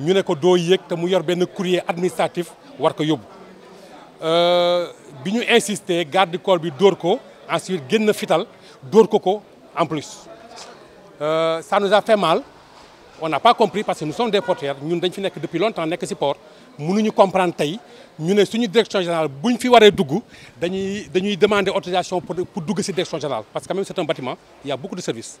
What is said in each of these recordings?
Nous ne ko do yek te mu yor ben courrier administratif war ko euh, insister garde du corps bi dor ko ensuite génn fital dor ko en plus euh, ça nous a fait mal on n'a pas compris parce que nous sommes des porteurs ñun dañ fi nek depuis longtemps nek ci port ñu comprendre Nous ñu ne suñu direction générale Nous fi waré dugg dañuy dañuy demander autorisation pour pour dugg ci direction générale parce que même c'est un bâtiment il y a beaucoup de services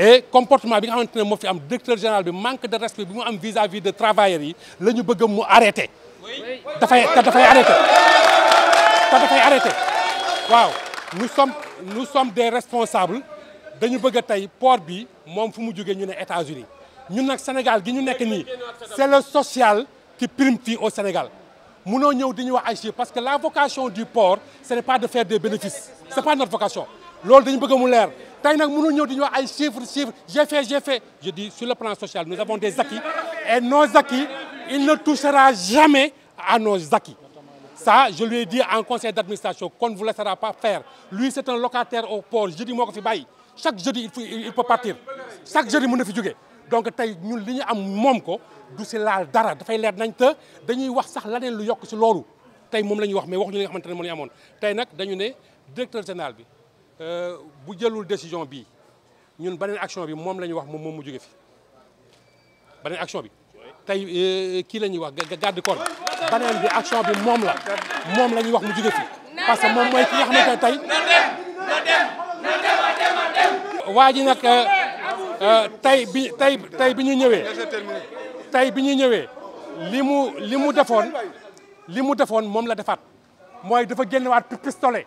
et comportement bi nga fi am directeur général bi manque de respect bi mu am vis-à-vis de travailleurs yi la bëgg mu arrêté. dafay te dafay arrêté da fay arrêté waaw nous sommes nous sommes des responsables dañu bëgg tay le port bi mom fu mu joggé ñu né États-Unis ñun Sénégal gi ñu nekk c'est le social qui prime ici au Sénégal Nous ñëw di ñu wax ay parce que la vocation du port ce n'est pas de faire des bénéfices c'est pas notre vocation lool dañu bëgg mu leer j'ai fait j'ai fait je dis sur le plan social nous avons des acquis et nos acquis il ne touchera jamais à nos acquis ça je lui ai dit en conseil d'administration qu'on ne vous laissera pas faire lui c'est un locataire au port jeudi dis moi chaque jeudi il peut partir chaque jeudi donc nous a un am qui ko du dara que nañ te dañuy wax sax laneen lu Nous avons mais directeur général euh, bu jëlul décision bi ñun bonne action bi mom la wax mom mu fi action bi tay euh, ki la wax garde corps bi action bi mom la wax mu fi parce que mom moy ki nga na nak euh, bi tay tay bi ñu ñëwé pistolet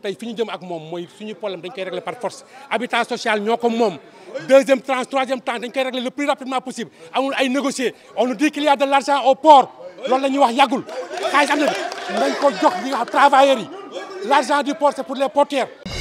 tay fiñu de jëm ak mom moy suñu problème dañ koy régler par force habitat social ñoko mom nous. deuxième tranche troisième tranche dañ koy régler le plus rapidement possible amul ay négocier on nous dit qu'il y a de l'argent au port loolu lañu wax yagul xaalis ko jox ñi nga yi l'argent du port c'est pour les portières